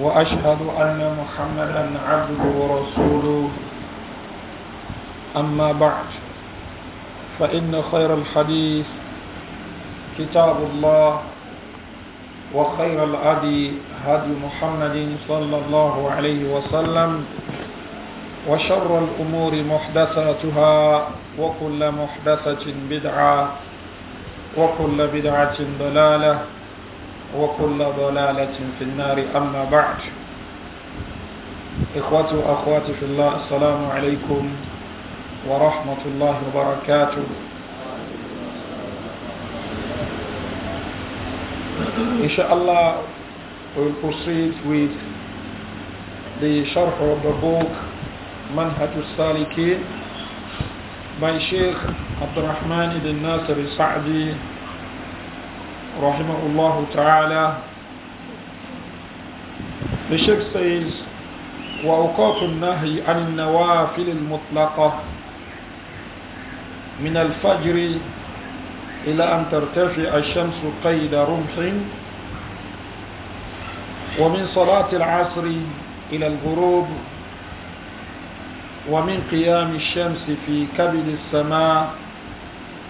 وأشهد أن محمدا عبده ورسوله أما بعد فإن خير الحديث كتاب الله وخير الأدي هدي محمد صلى الله عليه وسلم وشر الأمور محدثاتها وكل محدثة بدعة وكل بدعة ضلالة وكل ضلالة في النار أما بعد إخوتي وأخواتي في الله السلام عليكم ورحمة الله وبركاته إن شاء we will proceed with the sharh of the book منهج السالكين by Sheikh Abdurrahman ibn Nasir al-Sa'di رحمه الله تعالى The Sheikh says وأوقات النهي عن النوافل المطلقة من الفجر إلى أن ترتفع الشمس قيد رمح ومن صلاة العصر إلى الغروب ومن قيام الشمس في كبد السماء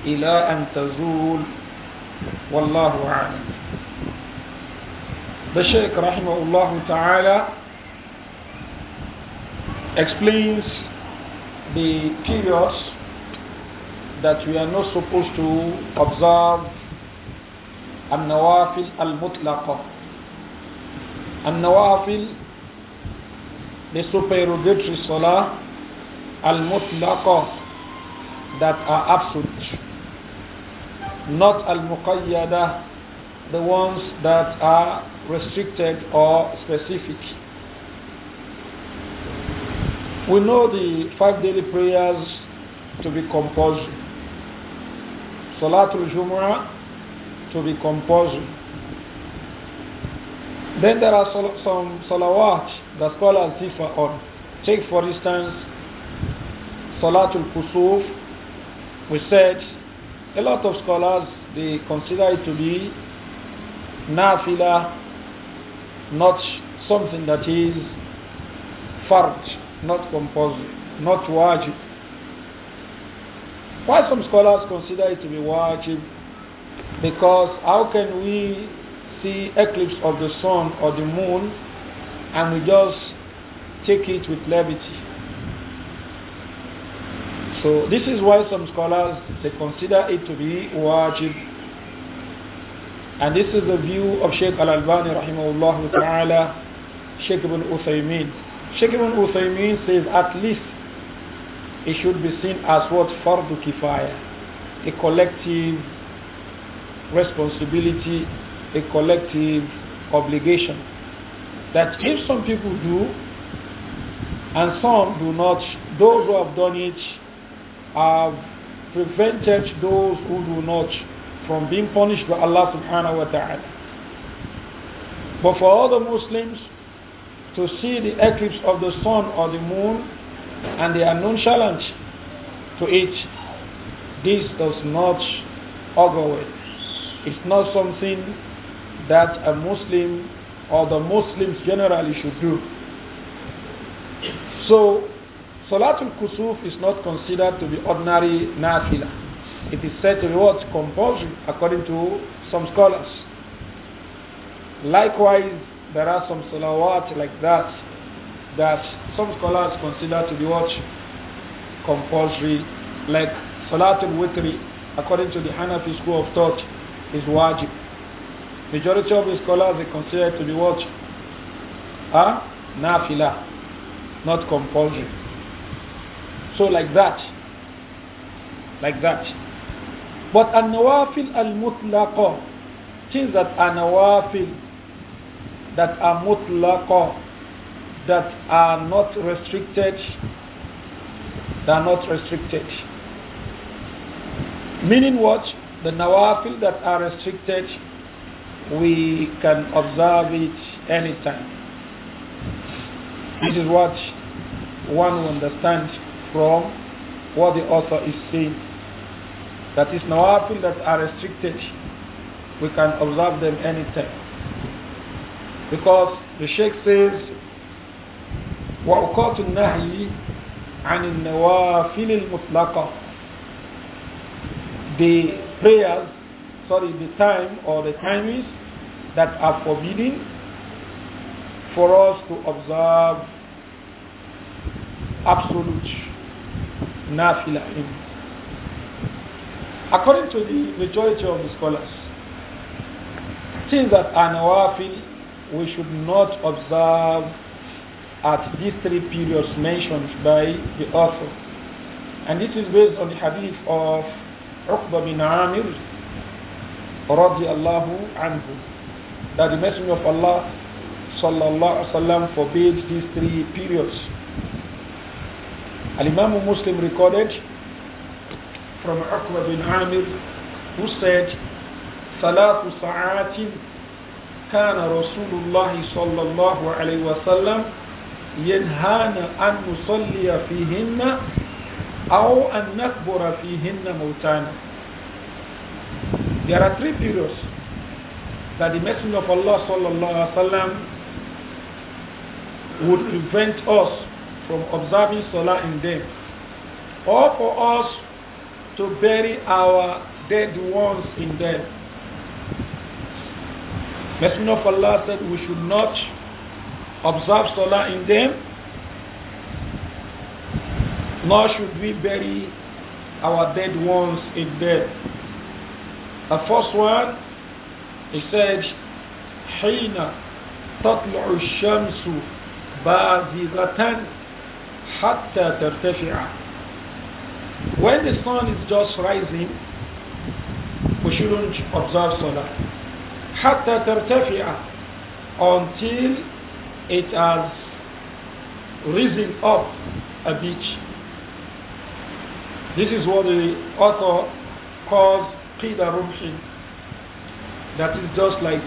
إلى أن تزول Wallahu a'lam. The Shaykh rahimahullah ta'ala explains the periods that we are not supposed to observe النوافل المطلقة النوافل the supererogatory salah المطلقة that are absolute not al-muqayyada, the ones that are restricted or specific. We know the five daily prayers to be composed. Salatul Jumu'ah to be composed. Then there are some salawat that scholars differ on. Take for instance Salatul Kusuf, we said a lot of scholars, they consider it to be nafila, not something that is forged, not composed, not wajib. Why some scholars consider it to be wajib? Because how can we see eclipse of the sun or the moon and we just take it with levity? So this is why some scholars they consider it to be wajib. And this is the view of Sheikh Al-Albani rahimahullah ta'ala, Sheikh Ibn Uthaymeen. Sheikh Ibn Uthaymeen says at least it should be seen as what fardu kifaya, a collective responsibility, a collective obligation. That if some people do and some do not, those who have done it have prevented those who do not from being punished by Allah subhanahu wa ta'ala. But for all the Muslims to see the eclipse of the sun or the moon and they are challenge to it, this does not augur well. It's not something that a Muslim or the Muslims generally should do. So Salatul Kusuf is not considered to be ordinary nafila. It is said to be what? Compulsory, according to some scholars. Likewise, there are some salawat like that that some scholars consider to be what? Compulsory, like Salatul Witri, according to the Hanafi school of thought, is wajib. Majority of the scholars they consider to be what? Huh? Ah, nafila, not compulsory. So like that. Like that. But an nawafil al mutlaqa, things that are nawafil, that are mutlaqa, that are not restricted, They are not restricted. Meaning what? The nawafil that are restricted, we can observe it anytime. This is what one will understand from what the author is saying. That is nawafil that are restricted. We can observe them anytime. Because the Sheikh says, وأوقات النهي عن النوافل المطلقة The prayers, sorry, the time or the timings that are forbidden for us to observe absolute nafila in. According to the majority of the scholars, things that are nawafil, we should not observe at these three periods mentioned by the author. And this is based on the hadith of Uqba bin Amir radiallahu anhu that the Messenger of Allah sallallahu alaihi wasallam forbids these three periods Al-Imam Muslim recorded from Uqba bin Amir who said ثلاث ساعات كان رسول الله صلى الله عليه وسلم ينهانا أن نصلي فيهن أو أن نكبر فيهن موتانا There are three periods that the Messenger of Allah صلى الله عليه وسلم would prevent us from observing solar in them, or for us to bury our dead ones in them. Messenger of Allah said we should not observe solar in them, nor should we bury our dead ones in them. The first one, he said, حين تطلع الشمس بازغة حتى ترتفع when the sun is just rising we shouldn't observe salah حتى ترتفع until it has risen up a bit this is what the author calls qida eruption. that is just like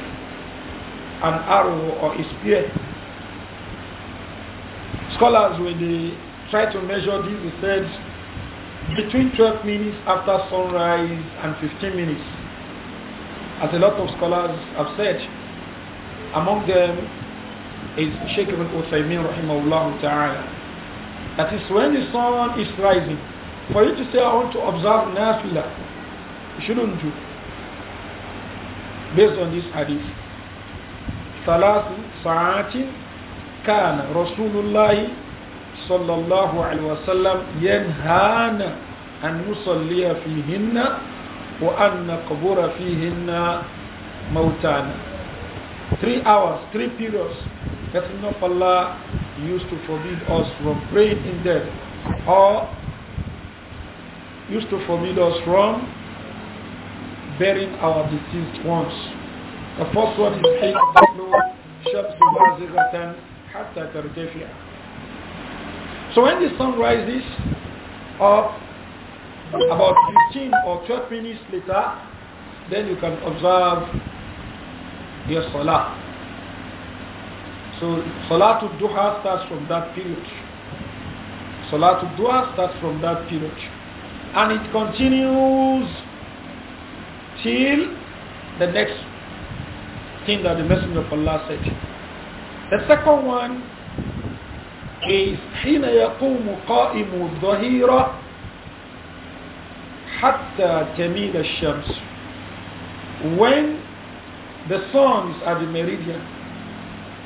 an arrow or a spear Scholars, when they try to measure this, they said between 12 minutes after sunrise and 15 minutes. As a lot of scholars have said, among them is Sheikh ibn Uthaymeen rahimahullah ta'ala. That is when the sun is rising. For you to say, I want to observe nafila, you shouldn't do. Based on this hadith. Salat sa'atin كان رسول الله صلى الله عليه وسلم ينهانا أن نصلي فيهن وأن نقبر فيهن موتانا Three hours, three periods. Messenger of Allah used to forbid us from praying in them or used to forbid us from burying our deceased ones. The first one is حتى ترتفع So when the sun rises up about 15 or 12 minutes later, then you can observe your salah. So salatul duha starts from that period. Salatul duha starts from that period. And it continues till the next thing that the Messenger of Allah said. The second one is حين يقوم قائم الظهيرة حتى تميل الشمس when the sun is at the meridian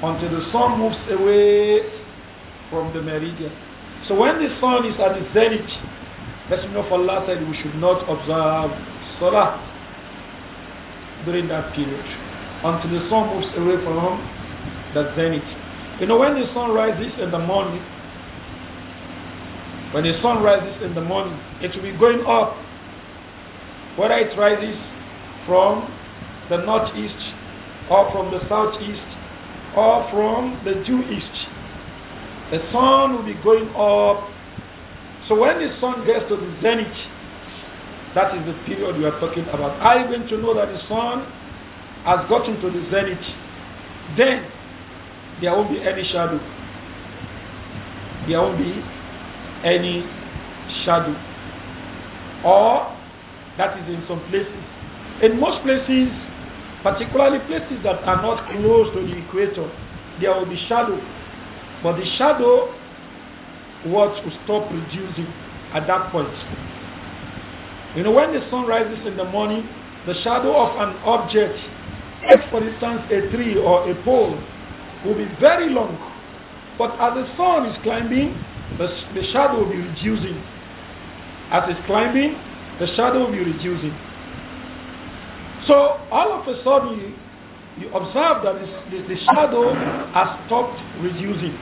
until the sun moves away from the meridian so when the sun is at the zenith let's of Allah said we should not observe Salah during that period until the sun moves away from the zenith. You know, when the sun rises in the morning, when the sun rises in the morning, it will be going up. Whether it rises from the northeast or from the southeast or from the due east, the sun will be going up. So when the sun gets to the zenith, that is the period we are talking about. Are you going to know that the sun has gotten to the zenith? Then there won't be any shadow. There won't be any shadow. Or that is in some places. In most places, particularly places that are not close to the equator, there will be shadow. But the shadow what will stop reducing at that point. You know, when the sun rises in the morning, the shadow of an object, for instance a tree or a pole, will be very long. But as the sun is climbing, the, the shadow will be reducing. As it's climbing, the shadow will be reducing. So all of a sudden, you, you observe that the, the, the shadow has stopped reducing.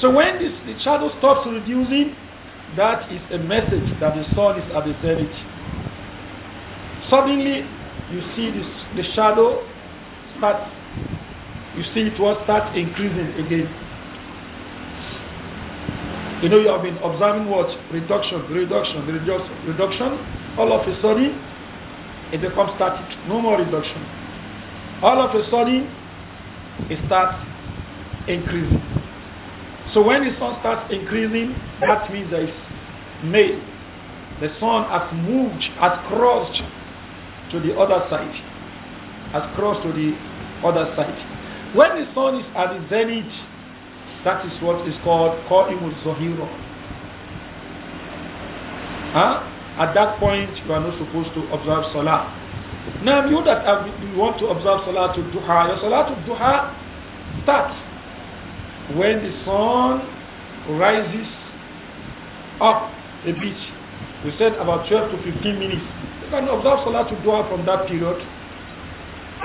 So when this, the shadow stops reducing, that is a message that the sun is at the zenith. Suddenly, you see this, the shadow starts you see it will start increasing again. You know, you have been observing what? Reduction, reduction, reduction, reduction. All of a sudden, it becomes static. No more reduction. All of a sudden, it starts increasing. So when the sun starts increasing, that means that it's May. The sun has moved, has crossed to the other side. Has crossed to the other side. When the sun is at the zenith, that is what is called Qa'imul Zuhira. Huh? At that point, you are not supposed to observe Salah. Now, you that have, you want to observe Salah to Duha, your Salah to Duha starts when the sun rises up a bit. We said about 12 to 15 minutes. You can observe Salah to Duha from that period.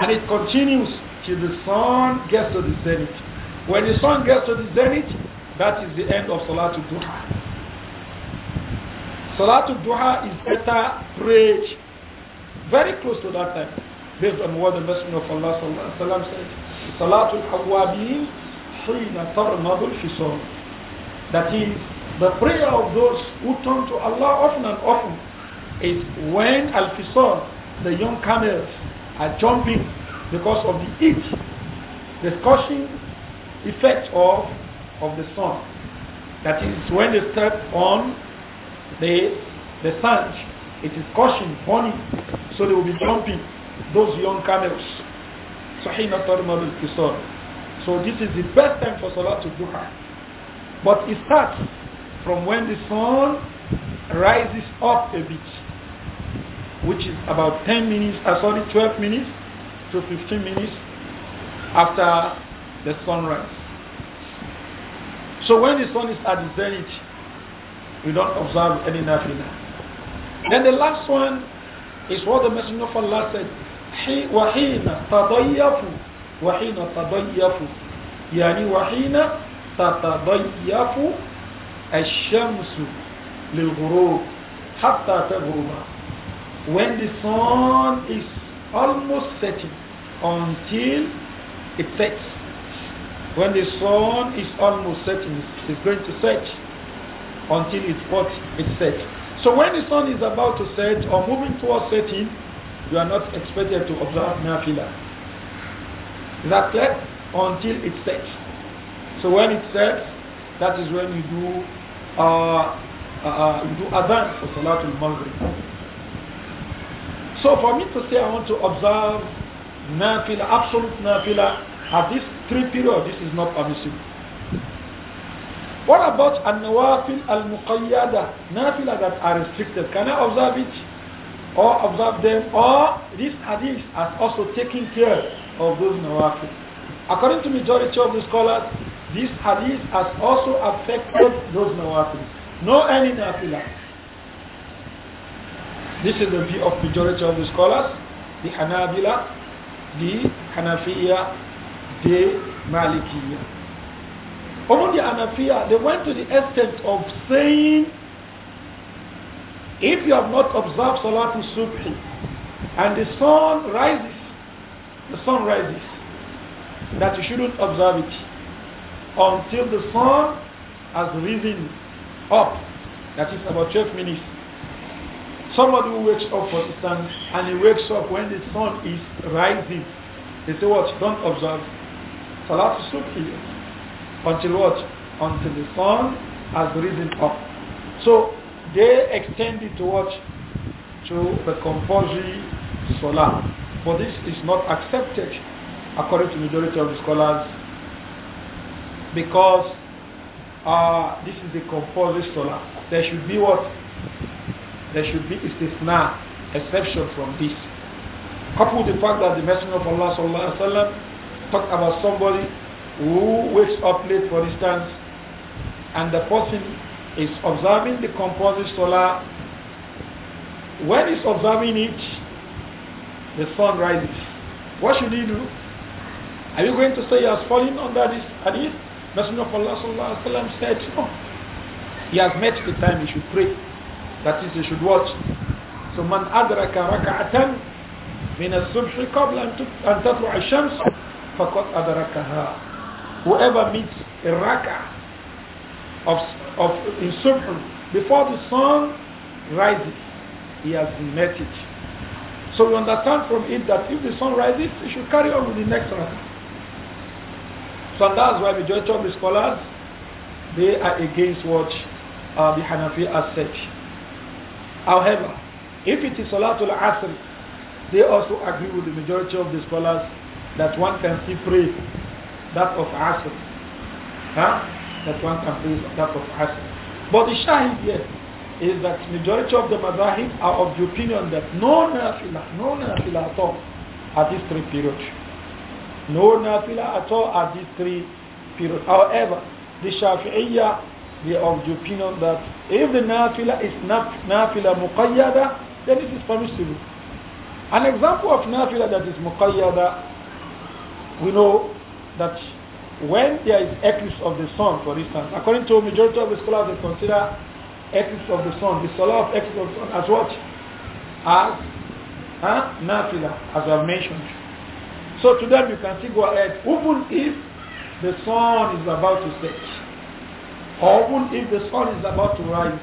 And it continues till the sun gets to the zenith. When the sun gets to the zenith, that is the end of Salatul Duha. Salatul Duha is better prayed very close to that time, based on what the Messenger of Allah sallallahu said. Salatul Awwabin Hina Tarmadul Fisal. That is, the prayer of those who turn to Allah often and often is when al fisun the young camels, are jumping because of the heat, the scorching effect of, of the sun. That is, when they step on the, the sand, it is scorching, burning, so they will be jumping those young camels. So this is the best time for Salah to Duha. But it starts from when the sun rises up a bit, which is about 10 minutes, uh, sorry, 12 minutes to 15 minutes after the sunrise. So when the sun is at the zenith, we don't observe any nafila. Then the last one is what the Messenger of Allah said, وَحِينَ تَضَيَّفُوا وَحِينَ تَضَيَّفُوا يعني وَحِينَ تَتَضَيَّفُ الشَّمْسُ لِلْغُرُوبِ حَتَّى تَغْرُبَ When the sun is almost setting until it sets. When the sun is almost setting, it's going to set until it what it sets. So when the sun is about to set or moving towards setting, you are not expected to observe nafila. Is that clear? Until it sets. So when it sets, that is when you do uh, uh, uh you do adhan for Salatul Maghrib. So for me to say I want to observe nafila, absolute nafila, at this three period, this is not permissible. What about an-nawafil al-muqayyada, nafila that are restricted? Can I observe it? Or observe them? Or this hadith has also taken care of those nawafil. According to majority of the scholars, this hadith has also affected those nawafil. No any nafila. This is the view of majority of the scholars, the Hanabila, the Hanafiya, the Malikiya. Among the Hanafiya, they went to the extent of saying, if you have not observed Salatul Subh and the sun rises, the sun rises, that you shouldn't observe it until the sun has risen up. That is about 12 minutes. Somebody who wakes up, for the sun, and he wakes up when the sun is rising, they say what? Don't observe Salat Suki until what? Until the sun has risen up. So they extend it to what? To the compulsory Salah. But this is not accepted according to majority of the scholars because uh, this is the compulsory Salah. There should be what? there should be istisna, exception from this. Couple with the fact that the Messenger of Allah sallallahu alaihi wasallam talked about somebody who wakes up late, for instance, and the person is observing the composite solar. When he's observing it, the sun rises. What should he do? Are you going to say he has fallen under this hadith? Messenger of Allah sallallahu alaihi wasallam said, no. He has met the time he should pray. That is, they should watch. So man adraka rak'atan min as-subh qabla an tatlu' ash-shams faqad adrakaha. Whoever meets a raka of of in subh before the sun rises, he has met it. So we understand from it that if the sun rises, he should carry on with the next rak'ah. So that's why majority of the scholars they are against what uh, the Hanafi has said. However, if it is Salatul Asr, they also agree with the majority of the scholars that one can still pray that of Asr. Huh? That one can pray that of Asr. But the Shahid here is that majority of the Mazahib are of the opinion that no nafila, no nafila at all at these three periods. No nafila at all at these three periods. However, the Shafi'iyah they are of the opinion that if the nafila is not nafila muqayyada, then it is permissible. An example of nafila that is muqayyada, we know that when there is eclipse of the sun, for instance, according to majority of the scholars, they consider eclipse of the sun, the solar of eclipse of the sun, as what? As huh? nafila, as I've mentioned. So to them, you can still go ahead, even if the sun is about to set. Or even if the sun is about to rise,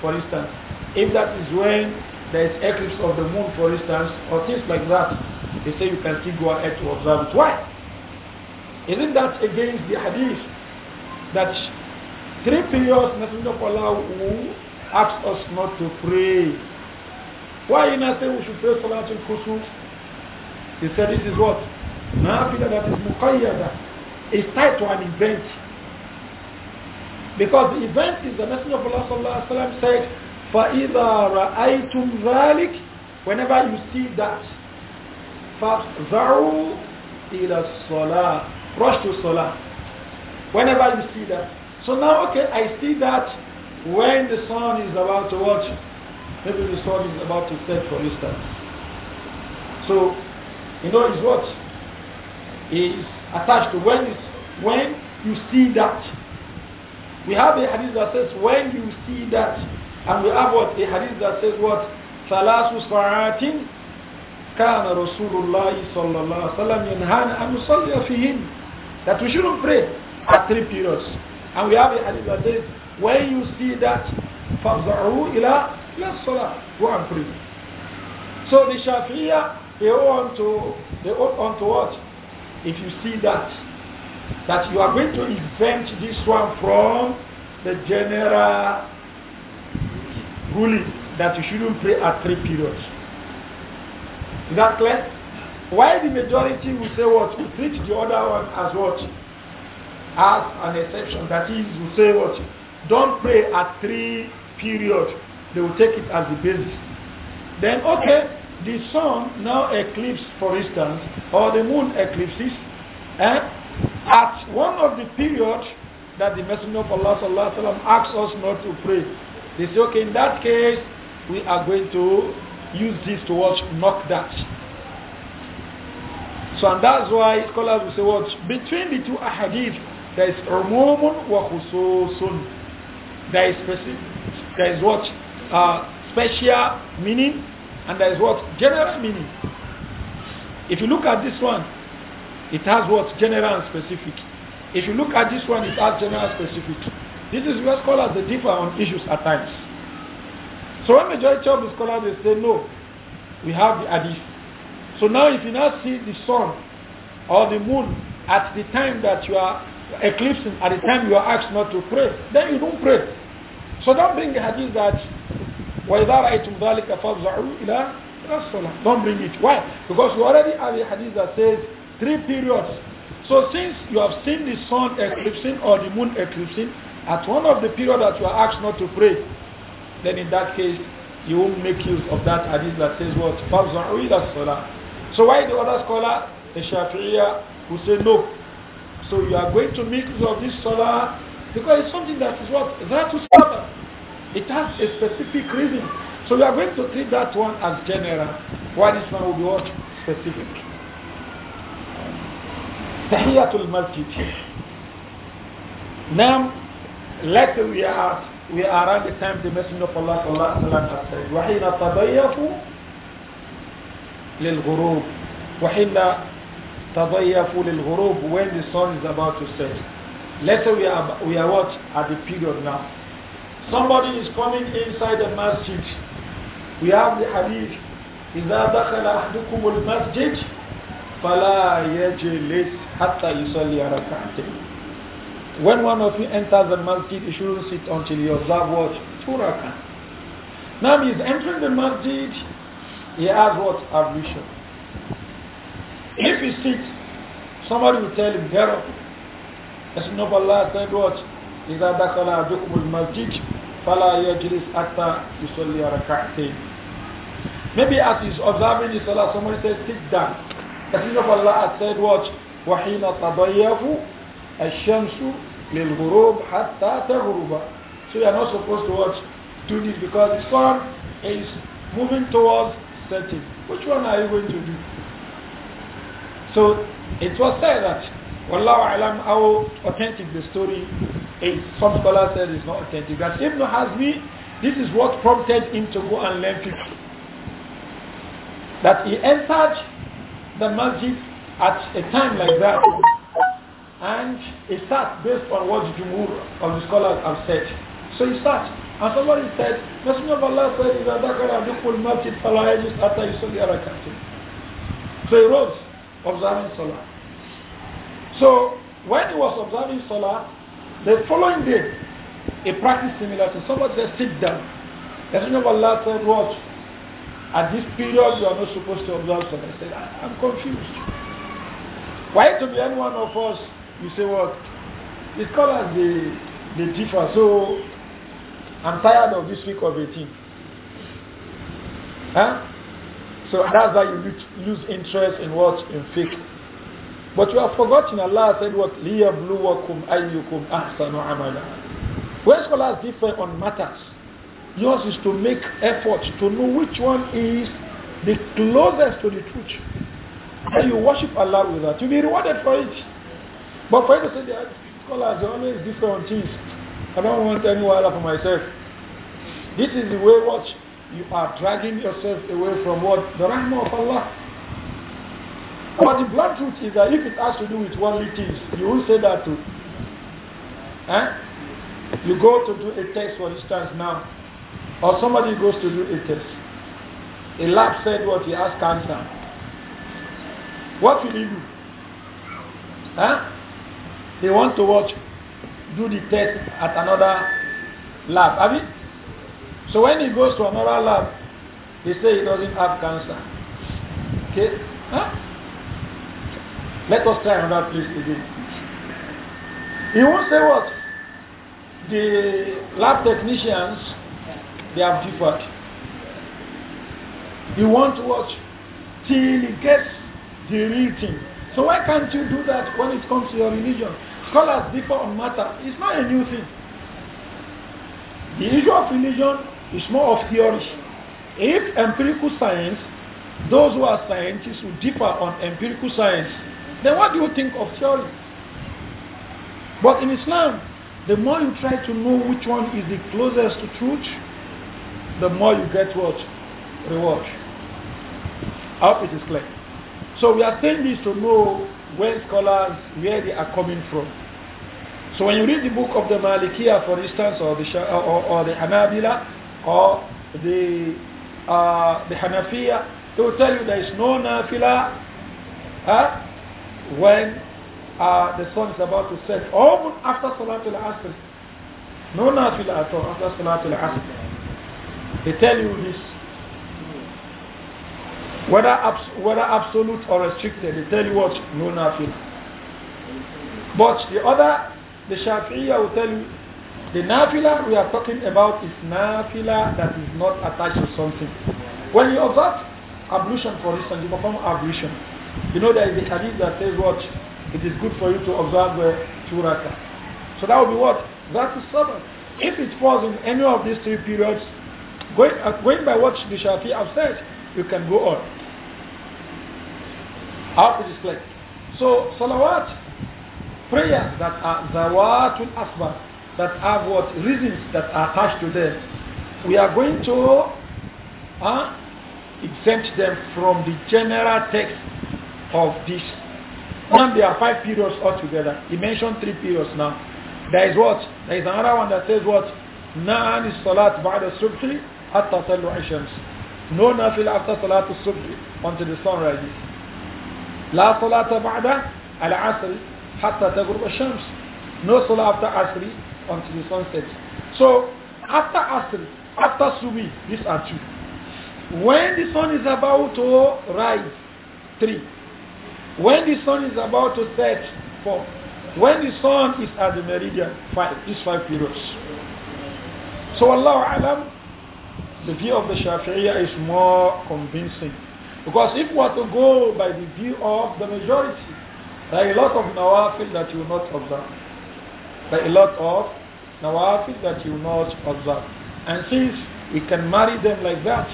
for instance, if that is when there is eclipse of the moon, for instance, or things like that, they say you can still go ahead to observe it. Why? Isn't that against the hadith that three periods Messenger of Allah who asks us not to pray? Why you not saying we should pray Salatul khusus? He said this is what? Nafila that is muqayyada. It's tied to an event. Because the event is the Messenger of Allah وسلم, said, فَإِذَا رَأَيْتُمْ ذَلِكَ Whenever you see that, فَأْذَعُوا إِلَى الصَّلَاةِ Rush to Salah. Whenever you see that. So now, okay, I see that when the sun is about to watch, maybe the sun is about to set for instance. So, you know, it's what is attached to when, when you see that we have a hadith that says, when you see that, and we have what? A hadith that says what? ثلاث ساعات kana rasulullah sallallahu صلى الله عليه وسلم ينهانا that we shouldn't pray at three periods and we have a hadith that says when you see that فَضَعُوا ila لَلصَّلَاةِ go and pray so the Shafi'iyah they want to they want to what if you see that that you are going to invent this one from the general ruling that you shouldn't pray at three periods. Is that clear? Why the majority will say what? We treat the other one as what? As an exception. That is, we say what? Don't pray at three periods. They will take it as the basis. Then, okay, the sun now eclipses, for instance, or the moon eclipses, eh? At one of the periods that the Messenger of Allah sallallahu asks us not to pray, they say, okay, in that case, we are going to use this to watch knock that. So and that's why scholars will say what between the two ahadith there is umumun wa khususun. There is specific, there is what uh, special meaning and there is what general meaning. If you look at this one, it has what? General and specific. If you look at this one, it has general and specific. This is where scholars they differ on issues at times. So when majority of the scholars they say no, we have the hadith. So now if you now see the sun or the moon at the time that you are eclipsing, at the time you are asked not to pray, then you don't pray. So don't bring the hadith that وَإِذَا رَأَيْتُمْ ذَلِكَ فَافْزَعُوا إِلَىٰ الصَّلَاةِ Don't bring it. Why? Because you already have a hadith that says Three periods. So since you have seen the sun eclipsing or the moon eclipsing, at one of the period that you are asked not to pray, then in that case, you will not make use of that hadith that says what? So why the other scholar, the Shafi'iyah, who say no? So you are going to make use of this solar because it's something that is what? That is solar. It has a specific reason. So we are going to treat that one as general, Why this one will be what? Specific. تحية المسجد Now, later we are we are around the time the Messenger of Allah has said, وحين تضيفوا للغروب وحين تضيفوا للغروب when the sun is about to set. Later we are we are what at the period now. Somebody is coming inside the masjid. We have the hadith. إذا دخل أحدكم المسجد فَلَا يَجْلِسْ حَتَّى يُصَلِّيَ رَكَعَتَيْنِ When one of you enters the masjid, he shouldn't sit until you observe what? Two rak'ah. Now he is entering the masjid, he has what? Ablution. If he sits, somebody will tell him, get up. As you know, Allah said what? إِذَا دَخَلَ عَدُكُمُ الْمَسْجِدِ فَلَا يَجْلِسْ حَتَّى يُصَلِّيَ رَكَعَتَيْنِ Maybe as he's observing the salah, somebody says, sit down. The Messenger of Allah had said watch. وَحِينَ تَضَيَّفُ الشَّمْسُ لِلْغُرُوبِ حَتَّى تَغْرُبَ So you are not supposed to watch, do this because the sun is moving towards setting. Which one are you going to do? So it was said that Wallahu alam how authentic the story is. Some scholars said it's not authentic. That Ibn Hazmi, this is what prompted him to go and learn fiqh. That he entered the magic at a time like that. And it starts based on what Jumhur of the scholars have said. So it starts. And somebody said, Messenger of Allah said, إِذَا ذَكَرَ عَدُقُ الْمَسْجِدْ فَلَا يَجِسْ أَتَى يُسَلِّ أَرَكَاتِهِ So he wrote, observing Salah. So when he was observing Salah, the following day, a practice similar to somebody said, sit down. Messenger of Allah said, watch, at this period, you are not supposed to observe something. I said, I'm confused. Why to be any one of us, you say what? The scholars, the the differ. So, I'm tired of this week of 18. Huh? So that's why you lose interest in what? In fake. But you have forgotten Allah said what? لِيَبْلُوَكُمْ أَيُّكُمْ أَحْسَنُ عَمَلًا When scholars differ on matters, Yours is to make effort to know which one is the closest to the truth. And you worship Allah with that. You'll be rewarded for it. But for you to say that scholars are always different things. I don't want any wala for myself. This is the way what you are dragging yourself away from what? The rahmah of Allah. But the blunt truth is that if it has to do with worldly things, you will say that too. Eh? You go to do a test, for instance, now. Or somebody goes to do a test. A lab said what he has cancer. What will he do? Huh? He want to watch, do the test at another lab. Have you? So when he goes to another lab, they say he doesn't have cancer. Okay? Huh? Let us try another place again. He won't say what? The lab technicians they have differed. You want to watch till it gets the real thing. So why can't you do that when it comes to your religion? Scholars differ on matter. It's not a new thing. The issue of religion is more of theory. If empirical science, those who are scientists who differ on empirical science, then what do you think of theory? But in Islam, the more you try to know which one is the closest to truth, the more you get what? Reward. I hope it is clear. So we are saying this to know where scholars, where they are coming from. So when you read the book of the Malikiya, for instance, or the, or, or the Hanabila, or the, uh, the Hanafiya, they will tell you there is no nafila huh, when uh, the sun is about to set, or after Salatul Asr. No nafila at all after Salatul Asr. They tell you this. Whether, abs whether absolute or restricted, they tell you what? No, nothing. But the other, the Shafi'iyah will tell you, the nafila we are talking about is nafila that is not attached to something. When you observe ablution, for instance, you perform ablution. You know there is a hadith that says what? It is good for you to observe the two So that would be what? That is sabbath. If it falls in any of these three periods, Going, uh, going by what the Shafi have said, you can go on. How is it it is So, salawat, prayers that are zawatul asma, that have what? Reasons that are attached to them. We are going to uh, exempt them from the general text of this. Now there are five periods altogether. He mentioned three periods now. There is what? There is another one that says what? Naan is salat ba'da subhi حتى طلوع الشمس no nafil after salatul subh until the sun rises لا صلاة بعد العصر حتى تغرب الشمس no salah after asr until the sun sets so after asr after subi these are two when the sun is about to rise three when the sun is about to set four when the sun is at the meridian five these five periods so allah alam the view of the Shafi'iyah is more convincing. Because if we are to go by the view of the majority, there are a lot of nawafil that you will not observe. There are a lot of nawafil that you will not observe. And since we can marry them like that,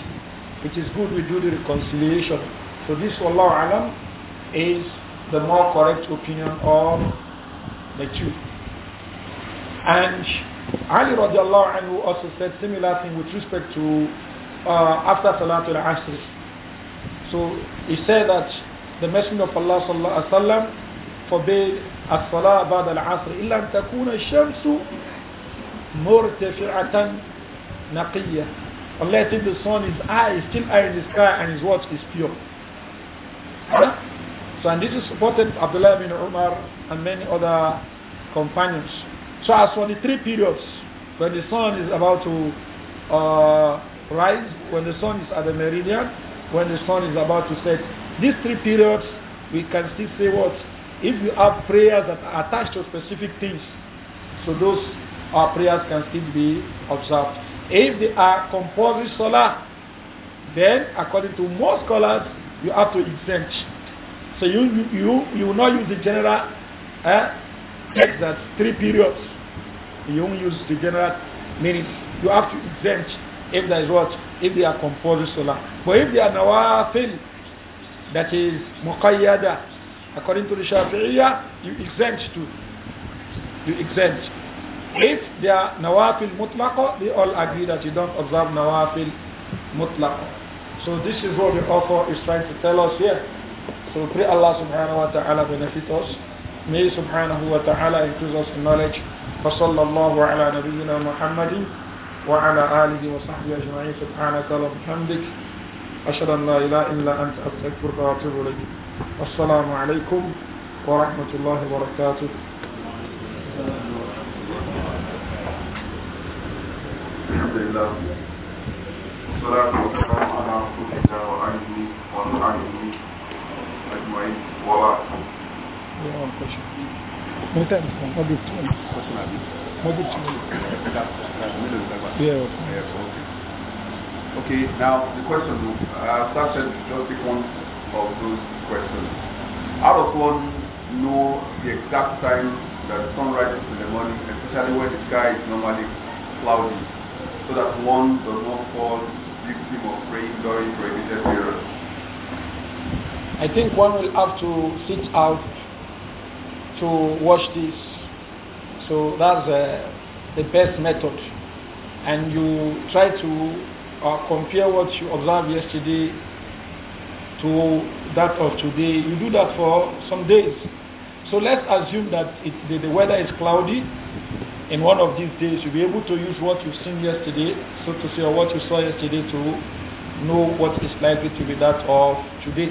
it is good we do the reconciliation. So this, Allah Alam, is the more correct opinion of the two. And Ali radiallahu anhu also said similar thing with respect to uh, after Salatul Asr. So he said that the Messenger of Allah sallallahu alaihi wasallam forbade الصلاة بعد العصر إلا أن تكون الشمس مرتفعة نقية unless the sun is high, is still high in the sky and his watch is pure. Yeah? So and this is supported Abdullah bin Umar and many other companions. So as for the three periods, when the sun is about to uh, rise, when the sun is at the meridian, when the sun is about to set, these three periods, we can still say what? If you have prayers that are attached to specific things, so those our prayers can still be observed. If they are compulsory solar, then according to most scholars, you have to exempt. So you you you, you will not use the general eh, text that's three periods you don't use the general meaning. You have to exempt if there is what? If they are composed salah. But if they are nawafil, that is muqayyada, according to the Shafi'iyah, you exempt to. You exempt. If they are nawafil mutlaqa, they all agree that you don't observe nawafil mutlaqa. So this is what the author is trying to tell us here. So pray Allah subhanahu wa ta'ala benefit us. May subhanahu wa ta'ala increase us in knowledge. وصلى الله على نبينا محمد وعلى آله وصحبه أجمعين سبحانك اللهم وبحمدك أشهد أن لا إله إلا أنت أستغفرك وأتوب إليك السلام عليكم ورحمة الله وبركاته الحمد لله والصلاة والسلام على رسول الله وعليه وصحبه أجمعين وبعد okay. now the question, uh, Star just pick one of those questions. How does one know the exact time that the sun rises in the morning, especially when the sky is normally cloudy, so that one does not fall victim of rain during prohibited period? I think one will have to sit out to watch this. So that's uh, the best method. And you try to uh, compare what you observed yesterday to that of today. You do that for some days. So let's assume that it, the, the weather is cloudy. In one of these days, you'll be able to use what you've seen yesterday, so to say, or what you saw yesterday to know what is likely to be that of today.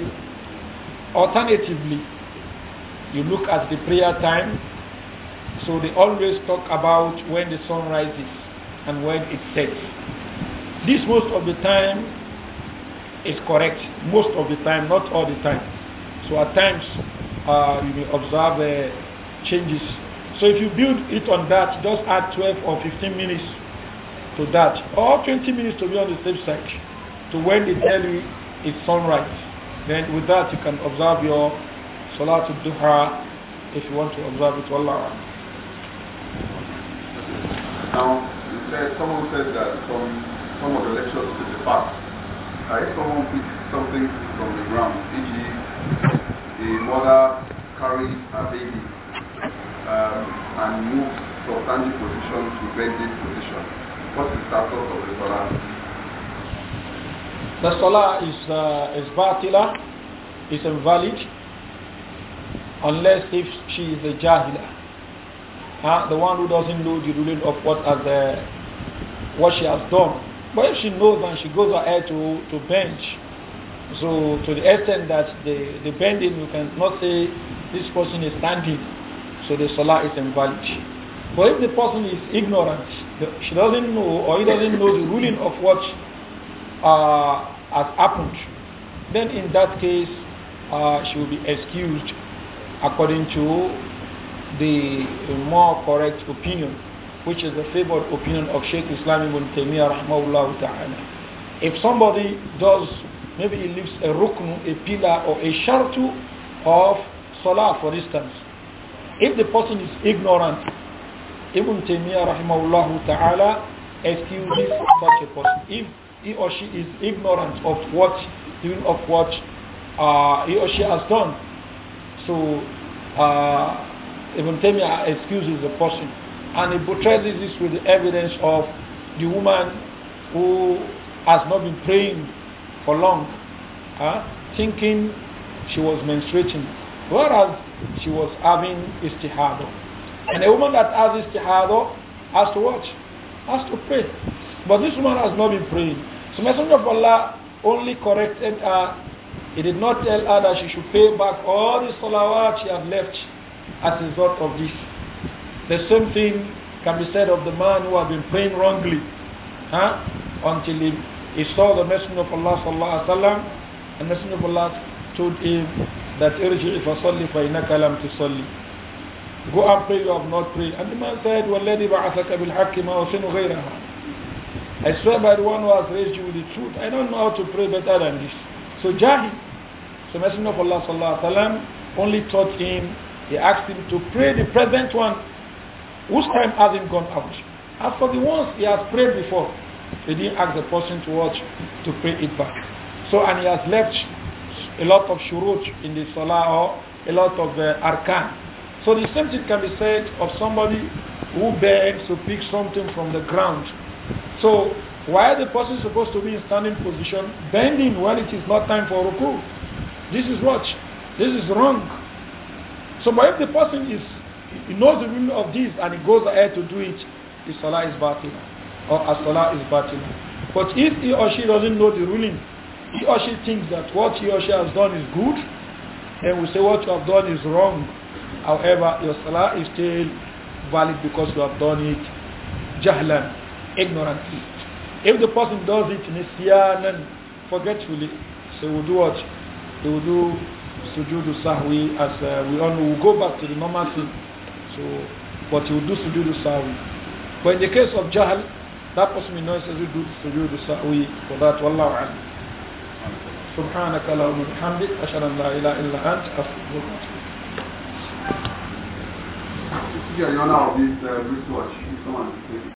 Alternatively, you look at the prayer time. So they always talk about when the sun rises and when it sets. This most of the time is correct. Most of the time, not all the time. So at times uh, you may observe uh, changes. So if you build it on that, just add 12 or 15 minutes to that, or 20 minutes to be on the safe side, to when they tell you it's sunrise. Then with that you can observe your al Duha if you want to observe it. Wallah. Now, you said, someone said that from some of the lectures is the past, If someone picks something from the ground, e.g., a mother carries a baby um, and moves from standing position to bending position, what's the status of the salah? The salah is, uh, is batila, is invalid unless if she is a jahila, huh? Ah, the one who doesn't know the ruling of what has, uh, what she has done. But if she knows and she goes ahead to, to bench, so to the extent that the, the bending, you cannot say this person is standing, so the salah is invalid. But if the person is ignorant, she doesn't know or he doesn't know the ruling of what uh, has happened, then in that case, uh, she will be excused according to the more correct opinion, which is the favored opinion of Sheikh Islam ibn Taymiyyah ta'ala. If somebody does, maybe he leaves a ruknu, a pillar or a shartu of salah for instance, if the person is ignorant, Ibn Taymiyyah rahmahullah ta'ala excuses such a person. If he or she is ignorant of what, of what uh, he or she has done, so uh, Ibn Taymiyyah excuses the person. And he portrays this with the evidence of the woman who has not been praying for long, thinking she was menstruating, whereas she was having istihada. And a woman that has istihada has to watch, has to pray. But this woman has not been praying. So Messenger of Allah only corrected her uh, he did not tell her that she should pay back all the salawat she had left as a result of this. The same thing can be said of the man who had been praying wrongly huh? until he, he saw the Messenger of Allah sallallahu alaihi wasallam and Messenger of Allah told him that irji fasalli fa innaka lam go and pray you have not prayed and the man said walladhi ba'athaka bil haqqi ma usinu I swear by the one who has raised you with the truth I don't know how to pray better than this so jahil the Messenger of Allah sallallahu alaihi wasallam only taught him. He asked him to pray the present one, whose time hasn't gone out. As for the ones he has prayed before, he didn't ask the person to watch to pray it back. So and he has left a lot of shurut in the salah or a lot of uh, arkan. So the same thing can be said of somebody who begs to pick something from the ground. So why the person is supposed to be in standing position bending when it is not time for ruku? This is what? This is wrong. So but if the person is he knows the meaning of this and he goes ahead to do it, his salah is batil or as salah is batil. But if he or she doesn't know the ruling, he or she thinks that what he or she has done is good, and we say what you have done is wrong. However, your salah is still valid because you have done it jahlan, ignorantly. If the person does it nisyanan, forgetfully, so we do what? they will do sujood sahwi as uh, we all will go back to the normal thing. So, but he will do sujood sahwi. But in the case of Jahl, that person may not necessarily do sujood sahwi for that. Wallahu a'lam. سبحانك اللهم وبحمدك أشهد أن لا إله إلا أنت أستغفرك